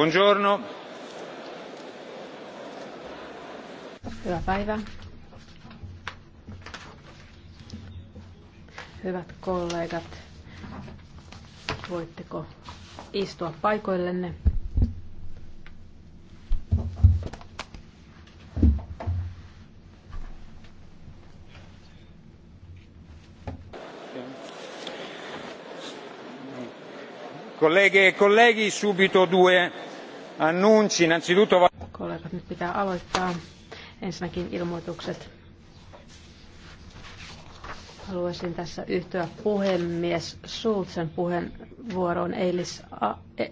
Buongiorno. Hyvää päivää. Hyvät kollegat, voitteko istua paikoillenne? colleghe e colleghi subito due annunci innanzitutto... Kollegat, nyt pitää aloittaa ensinnäkin ilmoitukset. Haluaisin tässä yhtyä puhemies Schulzen puheenvuoroon eilis e-